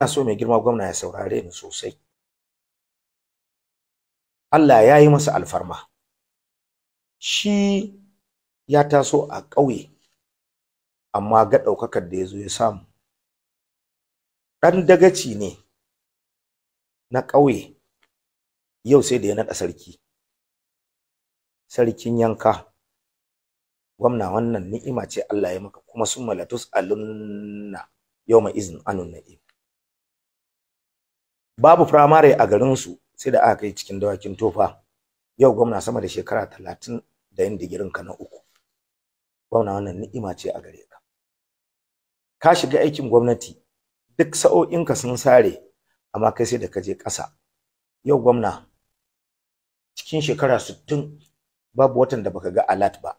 ina so mai girma gwamna ya saurare ni sosai Allah ya yi masa alfarma shi ya taso a ƙauye amma ga ɗaukakar da ya zo ya samu ɗan dagaci ne na ƙauye yau sai da ya naɗa sarki sarkin yanka gwamna wannan ni'ima ce Allah ya maka kuma sun malatus alunna yau ma izin anun na'im babu firamare a garinsu sai da aka kai cikin dawakin tofa yau gwamna sama da shekara talatin da yin ka na uku gwamna wannan ni'ima ce a gare ka ka shiga aikin gwamnati duk sa'o'inka sun sare amma kai sai da ka je ƙasa yau gwamna cikin shekara sittin babu watan da baka ga alat ba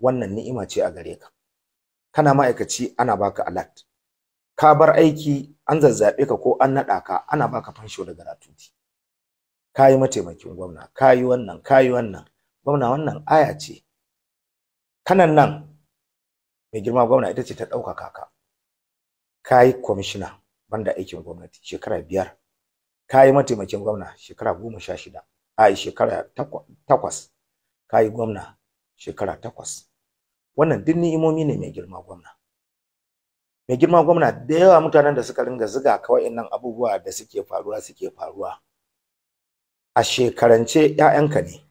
wannan ni'ima ce a gare ka kana ma'aikaci ana baka alat ka bar aiki an zazzabe ka ko an naɗa ka ana baka fansho daga ratuti kayi mataimakin gwamna kayi wannan kayi wannan gwamna wannan aya ce kanan nan mai girma gwamna ita ce ta ɗaukaka ka kayi kwamishina banda aikin gwamnati shekara biyar kayi mataimakin gwamna shekara goma sha shida a shekara takwas kayi gwamna shekara takwas wannan duk ni'imomi ne mai girma gwamna mai girma gwamna da yawa mutanen da suka ringa ziga kawai nan abubuwa da suke faruwa suke faruwa a shekarance ƴaƴanka ne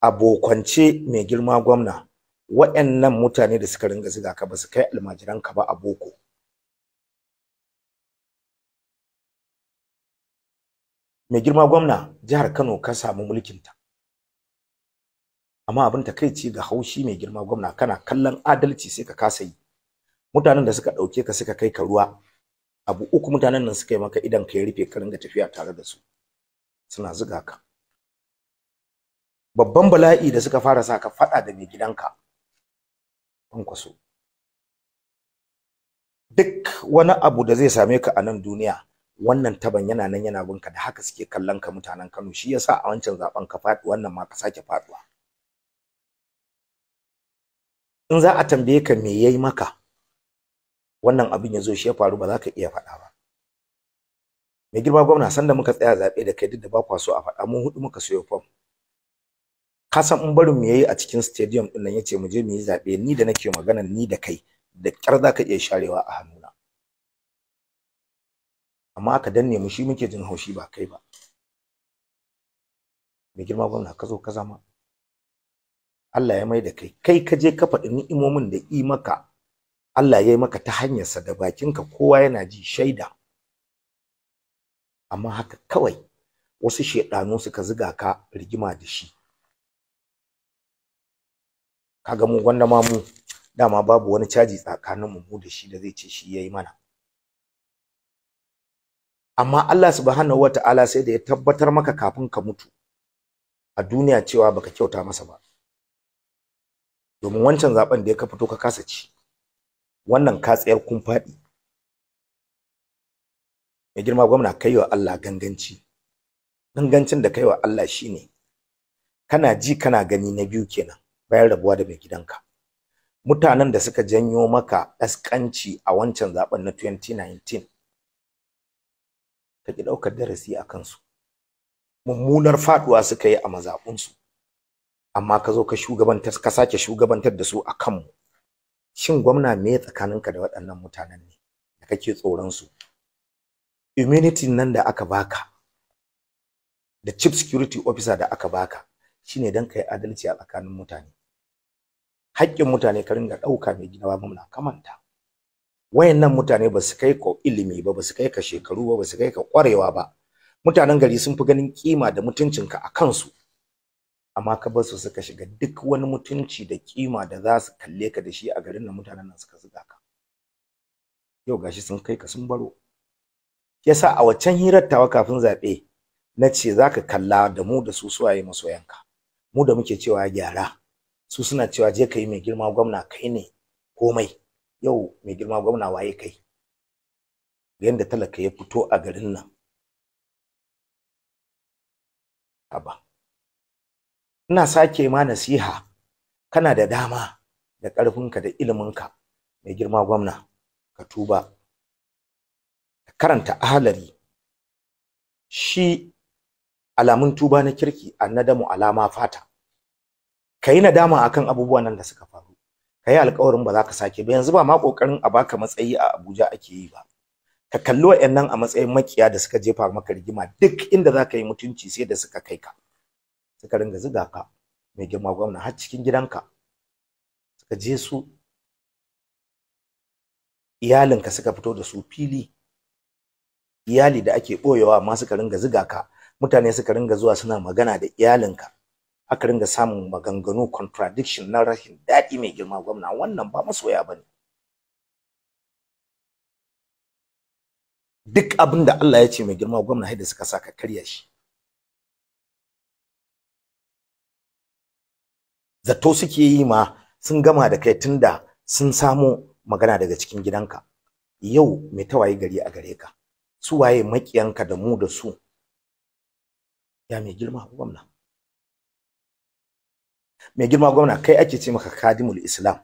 abokance mai girma gwamna waɗannan mutane da suka ringa ziga ka ba su kai almajiranka ba a boko mai girma gwamna jihar Kano ka samu ta. amma abin takaici ga haushi mai girma gwamna kana kallon adalci sai ka kasa yi mutanen da suka ɗauke ka suka kai ka ruwa abu uku mutanen nan suka yi maka idan ka ya rufe ka ringa tafiya tare da su suna zuga ka babban bala'i da suka fara sa ka faɗa da mai gidanka kwaso duk wani abu da zai same ka a nan duniya wannan taban yana nan yana binka da haka suke kallon ka mutanen Kano shi yasa a wancan zaben ka faɗi wannan ma ka sake faduwa in za a tambaye ka me yayi maka wannan abin ya zo shi ya faru ba za ka iya faɗa ba mai girma gwamna sanda muka tsaya zaɓe da kai duk da ba kwa so a faɗa mun hudu muka siyo fom kasan in barin mu yayi a cikin stadium din nan yace mu je mu yi zaɓe ni da nake magana ni da kai da kyar za ka iya sharewa a hannuna amma aka danne mu shi muke jin haushi ba kai ba mai girma gwamna ka zo ka zama Allah ya mai da kai kai ka je ka faɗi ni'imomin da i maka Allah ya yi maka ta hanyarsa da bakinka kowa yana ji shaida amma haka kawai wasu shedanu suka ziga ka rigima da shi kaga mu gwanda ma mu dama babu wani caji tsakaninmu mu da shi da zai ce shi yayi mana amma Allah subhanahu wata'ala sai da ya tabbatar maka kafin ka mutu a duniya cewa baka kyauta masa ba domin wancan zaben da ya ka fito ka kasa ci wannan katsayar kun faɗi mai girma gwamna kai wa Allah ganganci gangancin da kai wa Allah shine kana ji kana gani na biyu kenan bayan rabuwa da mai gidanka mutanen da suka janyo maka askanci a wancan zaben na 2019 ka ki daukar darasi a kansu mummunar faɗuwa suka yi a mazaɓunsu amma ka zo ka shugabantar ka sake shugabantar da su a kanmu shin gwamna me tsakaninka da waɗannan mutanen ne da kake tsoron su immunity nan da aka baka da chief security officer da aka baka shine dan kai adalci a tsakanin mutane haƙƙin mutane ka ringa ɗauka mai gida babu kamanta wayannan mutane ba su kai ka ilimi ba ba su kai ka shekaru ba ba su kai ka ƙwarewa ba mutanen gari sun fi ganin kima da mutuncinka a kansu amma ka bar su suka shiga duk wani mutunci da kima da za su kalle ka da shi a garin nan mutanen nan suka zuga ka yau gashi sun kai ka sun baro yasa a waccan hirar tawa kafin zaɓe na ce za ka kalla da mu da su suwaye masoyanka mu da muke cewa gyara su suna cewa je ka yi mai girma gwamna kai ne komai yau mai girma gwamna waye kai yadda talaka ya fito a garin nan Abba. ina sake ma nasiha kana da dama da ƙarfinka da iliminka mai girma gwamna ka tuba ka karanta ahalari shi alamun tuba na kirki annadamu alama fata ka yi nadama akan abubuwan nan da suka faru ka yi alkawarin ba za ka sake ba yanzu ba ma ƙoƙarin a baka matsayi a abuja ake yi ba ka kalli nan a matsayin makiya da suka jefa maka rigima duk inda za ka yi mutunci sai da suka kai ka suka ringa ziga ka mai girma gwamna har cikin gidanka suka je su iyalinka suka fito da su fili iyali da ake ɓoyewa amma suka ringa ziga ka mutane suka ringa zuwa suna magana da iyalinka aka ringa samun maganganu contradiction na rashin daɗi mai girma gwamna wannan ba masoya ba ne duk abinda Allah ya ce mai girma gwamna haida suka saka karya shi zato suke yi ma sun gama da kai tunda sun samu magana daga cikin gidanka yau me tawaye gari a gare ka su waye makiyanka da mu da su ya mai girma gwamna mai girma gwamna kai ake ce maka kadimul islam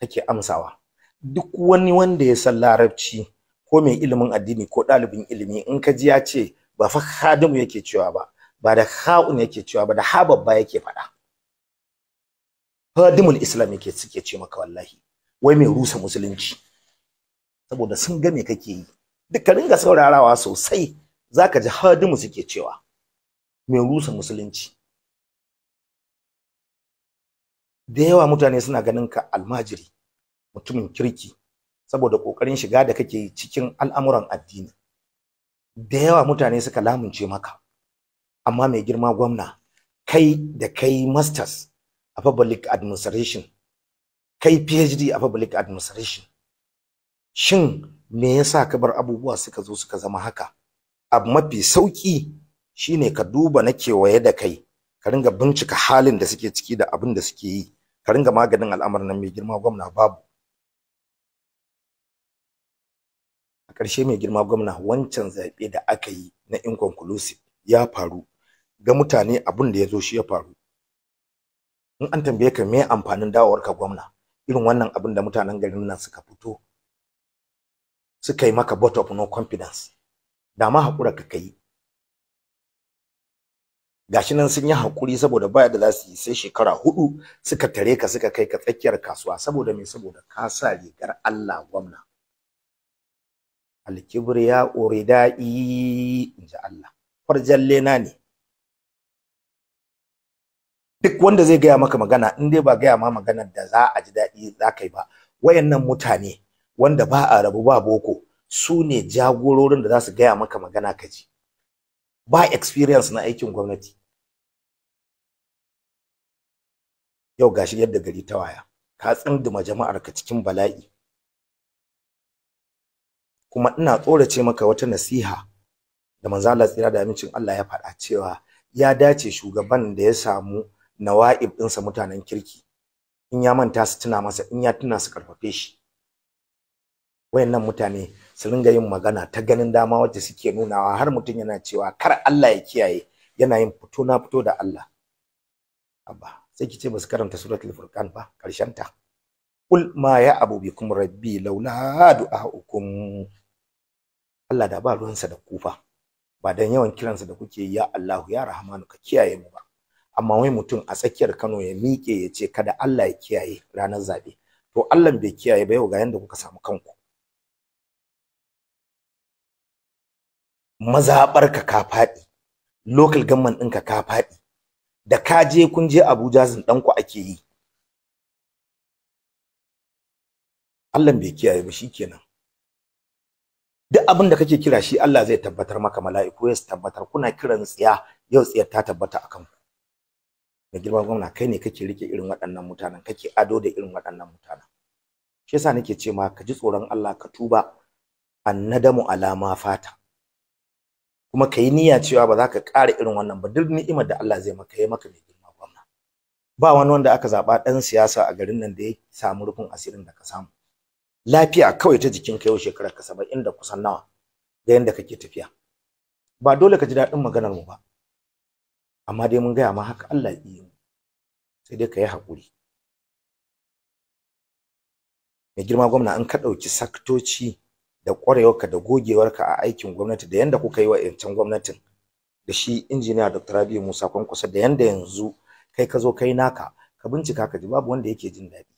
kake amsawa duk wani wanda ya san larabci ko mai ilimin addini ko ɗalibin ilimi in ka ji ya ce ba fa khadimu yake cewa ba ba da ha'un yake cewa ba da ha babba yake faɗa hadimul islam yake suke ce maka wallahi wai mai rusa musulunci saboda sun ga me kake yi duk ka ringa saurarawa sosai zaka ji hadimu suke cewa mai rusa musulunci da yawa mutane suna ganin ka almajiri mutumin kirki saboda kokarin shiga da kake yi cikin al'amuran addini da yawa mutane suka lamunce maka amma mai girma gwamna kai da kai masters a public administration kai PhD a public administration shin me yasa ka bar abubuwa suka zo suka zama haka abu mafi sauki shine ka duba na kewaye da kai ka ringa bincika halin da suke ciki da abin da suke yi ka ringa maganin al'amarin nan mai girma gwamna babu a ƙarshe mai girma gwamna wancan zaɓe da aka yi na inconclusive ya faru ga mutane abin da ya zo shi ya faru in an tambaye ka me amfanin dawowar ka gwamna irin wannan abin da mutanen garin nan suka fito suka yi maka vote of no confidence da ma hakura ka kai gashi nan sun yi hakuri saboda baya da za su yi sai shekara hudu suka tare ka suka kai ka tsakiyar kasuwa saboda me saboda ka sa rigar Allah gwamna alkibriya uridai inji Allah farjalle na ne duk wanda zai gaya maka magana in dai ba gaya ma magana da za a ji daɗi za ka yi ba wayannan mutane wanda ba a rabu ba boko su ne jagororin da za su gaya maka magana ka ji ba experience na aikin gwamnati yau gashi yadda gari ta waya ka tsinduma jama'ar ka cikin bala'i kuma ina tsorace maka wata nasiha da manzo Allah tsira da amincin Allah ya faɗa cewa ya dace shugaban da ya samu nawa'ib ɗinsa mutanen kirki in ya manta su tuna masa in ya tuna su karfafe shi wayannan mutane su ringa yin magana ta ganin dama wacce suke nunawa har mutum yana cewa kar Allah ya kiyaye yana yin fito na fito da Allah abba sai ki ce ba su karanta suratul furqan ba karshen ta qul ma ya abu bikum rabbi laula du'aukum Allah da ba ruwansa da kufa ba dan yawan kiransa da kuke ya Allahu ya Rahmanu ka kiyaye mu ba amma wai mutum a tsakiyar Kano ya miƙe ya ce kada Allah ya kiyaye ranar zaɓe to Allah bai kiyaye ba yau ga yanda kuka samu kanku mazaɓar ka faɗi local government ɗinka ka faɗi da ka je kun je Abuja ku ake yi Allah bai kiyaye ba shikenan duk abin da kake kira shi Allah zai tabbatar maka mala'iku ya tabbatar kuna kiran tsiya yau tsiyar ta tabbata akan ku da girman gwamna kai ne kake rike irin waɗannan mutanen kake ado da irin waɗannan mutanen shi yasa nake ce ma ka ji tsoron Allah ka tuba annadamu alama fata kuma ka yi niyya cewa ba za ka ƙara irin wannan ba duk ni'imar da Allah zai maka yi maka mai girma gwamna ba wani wanda aka zaɓa ɗan siyasa a garin nan da ya samu rufin asirin da ka samu lafiya kawai ta jikin ka yau shekarar ka saba'in da kusan nawa da yadda kake tafiya ba dole ka ji daɗin maganar mu ba amma dai mun gaya ma haka Allah ya yi sai dai ka yi haƙuri mai girma gwamna in ka ɗauki saktoci da ƙwarewarka da gogewarka a aikin gwamnati da yanda kuka yi wa yancan gwamnatin da shi injiniya dr rabi musa kwankwasa da yanda yanzu kai ka zo kai naka ka bincika ka ji babu wanda yake jin daɗi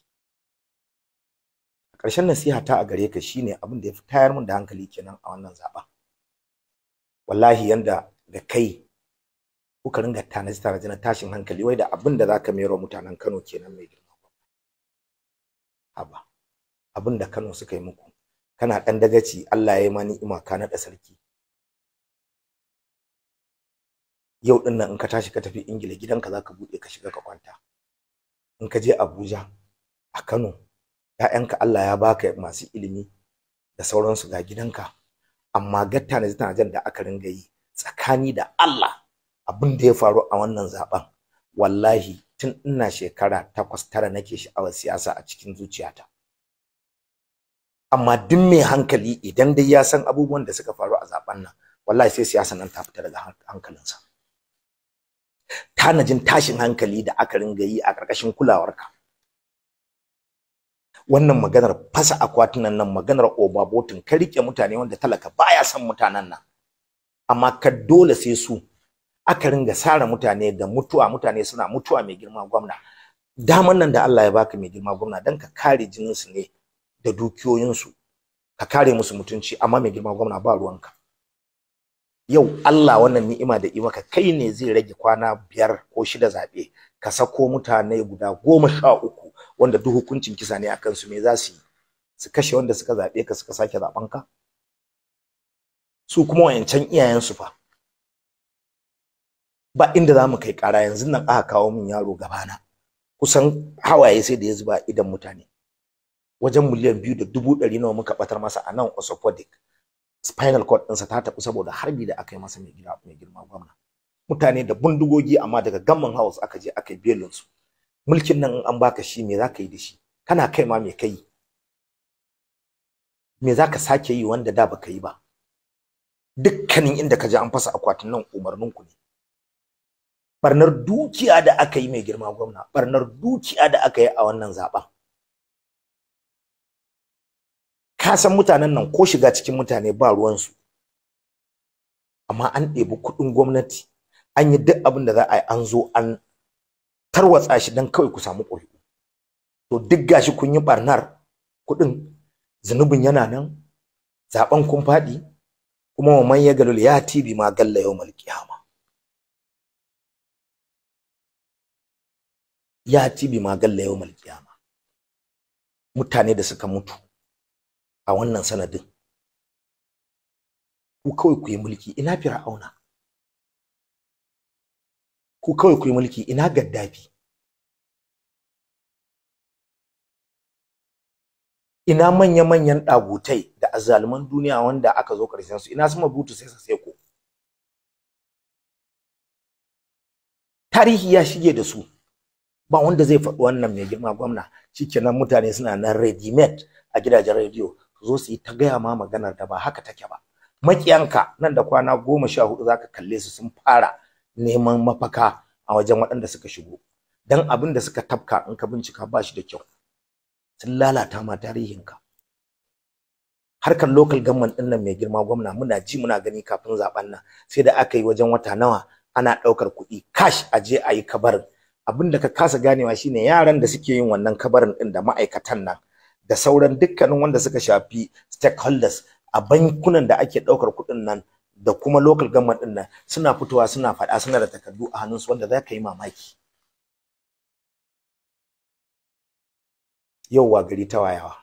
ƙarshen nasiha ta a gare ka shine abin da ya fi tayar min da hankali kenan a wannan zaɓa wallahi yanda da kai kuka ringa tanaji tanaji na tashin hankali wai da abin da zaka mero mutanen Kano kenan mai girma haba abin da Kano suka yi muku kana dan dagaci Allah ya yi mani, ni'ima ka naɗa sarki yau din nan in ka tashi ka tafi Ingila gidanka zaka bude ka shiga ka kwanta in ka je Abuja a Kano ‘ya'yanka Allah ya baka masu ilimi da sauransu ga gidanka amma gatta na tanajen da aka ringa yi tsakani da Allah abin da ya faru a wannan zaben wallahi tun ina shekara takwas tara nake sha'awar siyasa a cikin zuciyata amma duk mai hankali idan dai ya san abubuwan da suka faru a zaben nan wallahi sai siyasa nan ta fita daga hankalinsa tanajin tashin hankali da aka ringa yi a ƙarƙashin kulawarka wannan maganar fasa akwatunan nan maganar Oba obabotin ka rike mutane wanda talaka baya son mutanen nan amma ka dole sai su aka ringa sare mutane da mutuwa mutane suna mutuwa mai girma gwamna daman nan da Allah ya baka mai girma gwamna dan ka kare jinin su ne da dukiyoyinsu ka kare musu mutunci amma mai girma gwamna ba ruwanka yau Allah wannan ni'ima da yi maka kai ne zai rage kwana biyar ko shida zaɓe ka sako mutane guda goma sha uku wanda duk hukuncin kisa ne akan kansu me za su yi su kashe wanda suka zaɓe ka suka sake zaɓen ka su kuma wayancan iyayensu fa ba inda za mu kai ƙara yanzu nan aka kawo min yaro gabana kusan hawaye sai da ya zuba idan mutane wajen miliyan biyu da dubu ɗari nawa muka batar masa a nan osopodic spinal cord ɗinsa ta tafi saboda harbi da aka yi masa mai gida mai girma gwamna mutane da bindigogi amma daga gamman house aka je aka yi belin su mulkin nan an baka shi me zaka yi da shi kana kai ma me kai me zaka sake yi wanda da baka yi ba dukkanin inda ka je an fasa akwatin nan umarnin ku ne barnar dukiya da aka yi mai girma gwamna barnar dukiya da aka yi a wannan zaɓen ka san mutanen nan ko shiga cikin mutane ba ruwansu amma an ɗebi kuɗin gwamnati an yi duk abin da za a yi an zo an tarwatsa shi don kawai ku samu ƙuri'u to duk gashi kun yi barnar kuɗin zunubin yana nan zaɓen kun faɗi kuma wa ya galul ya tibi ma galla yau malkiyama ya ci bi magalla yau malkiyama mutane da suka mutu a wannan sanadin ku kawai ku yi mulki ina fir'auna ku kawai ku yi mulki ina gaddafi ina manya-manyan ɗagutai da azzaluman duniya wanda aka zo ƙarshen su ina su mabutu sai sai ko tarihi ya shige da su ba wanda zai faɗi wannan mai girma gwamna shikenan mutane suna nan ready a gidajen rediyo su zo su yi ta gaya ma maganar da ba haka take ba makiyanka nan da kwana goma sha hudu zaka kalle su sun fara neman mafaka a wajen waɗanda suka shigo dan abin da suka tafka in ka bincika ba shi da kyau sun lalata ma tarihinka harkar local government din nan mai girma gwamna muna ji muna gani kafin zaben nan sai da aka yi wajen wata nawa ana ɗaukar kuɗi cash a je a yi kabarin abin da ka kasa ganewa shine yaran da suke yin wannan kabarin din da ma'aikatan nan da sauran dukkanin wanda suka shafi stakeholders a bankunan da ake ɗaukar kuɗin nan da kuma local government din nan suna fitowa suna faɗa suna da takardu a hannunsu wanda za ka yi mamaki yau gari ta wayawa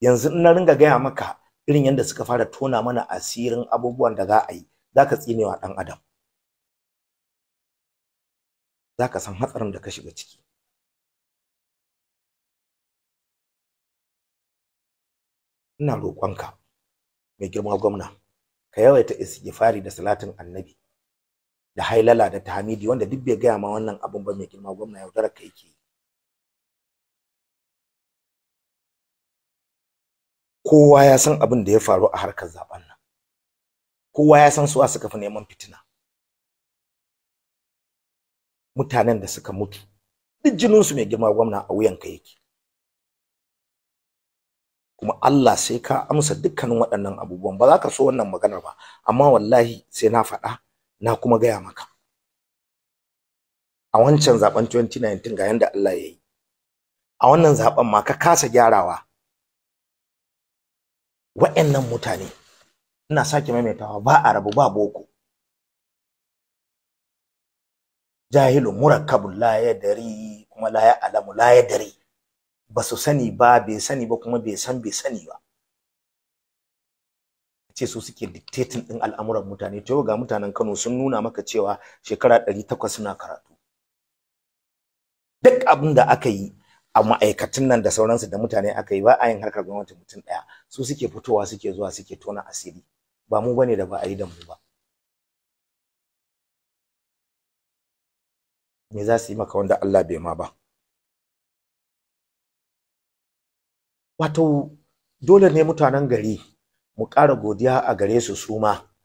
yanzu in na ringa gaya maka irin yadda suka fara tona mana asirin abubuwan da za a yi za ka tsinewa ɗan adam za ka san hatsarin da ka shiga ciki ina roƙonka mai girma gwamna ka yawaita istighfari da salatin annabi da hailala da tahmidi wanda duk bai gaya ma wannan abin ba mai girma gwamna yaudarar ka yake kowa ya san abin da ya faru a harkar zaben nan kowa ya san suwa suka fi neman fitina mutanen da suka mutu duk jininsu mai girma gwamna a wuyan wuyanka yake kuma Allah sai ka amsa dukkanin waɗannan abubuwan ba za ka so wannan maganar ba amma wallahi sai na faɗa na kuma gaya maka a wancan zaben 2019 ga yanda Allah ya yi a wannan zaben ma ka kasa gyarawa waɗannan mutane ina sake maimaitawa ba a rabu ba boko jahilu murakkabun la ya dari kuma la ya alamu la ya dari ba su sani ba bai sani ba kuma bai san bai sani ba ce su suke dictating din al'amuran mutane to ga mutanen Kano sun nuna maka cewa shekara 800 suna karatu duk abin da aka yi a ma'aikatan nan da sauransu da mutane aka yi ba a yin harkar gwamnati mutum ɗaya su suke fitowa suke zuwa suke tona asiri ba mu bane da ba a yi da mu ba me za su yi maka wanda Allah bai ma ba wato dole ne mutanen gari mu ƙara godiya a gare su suma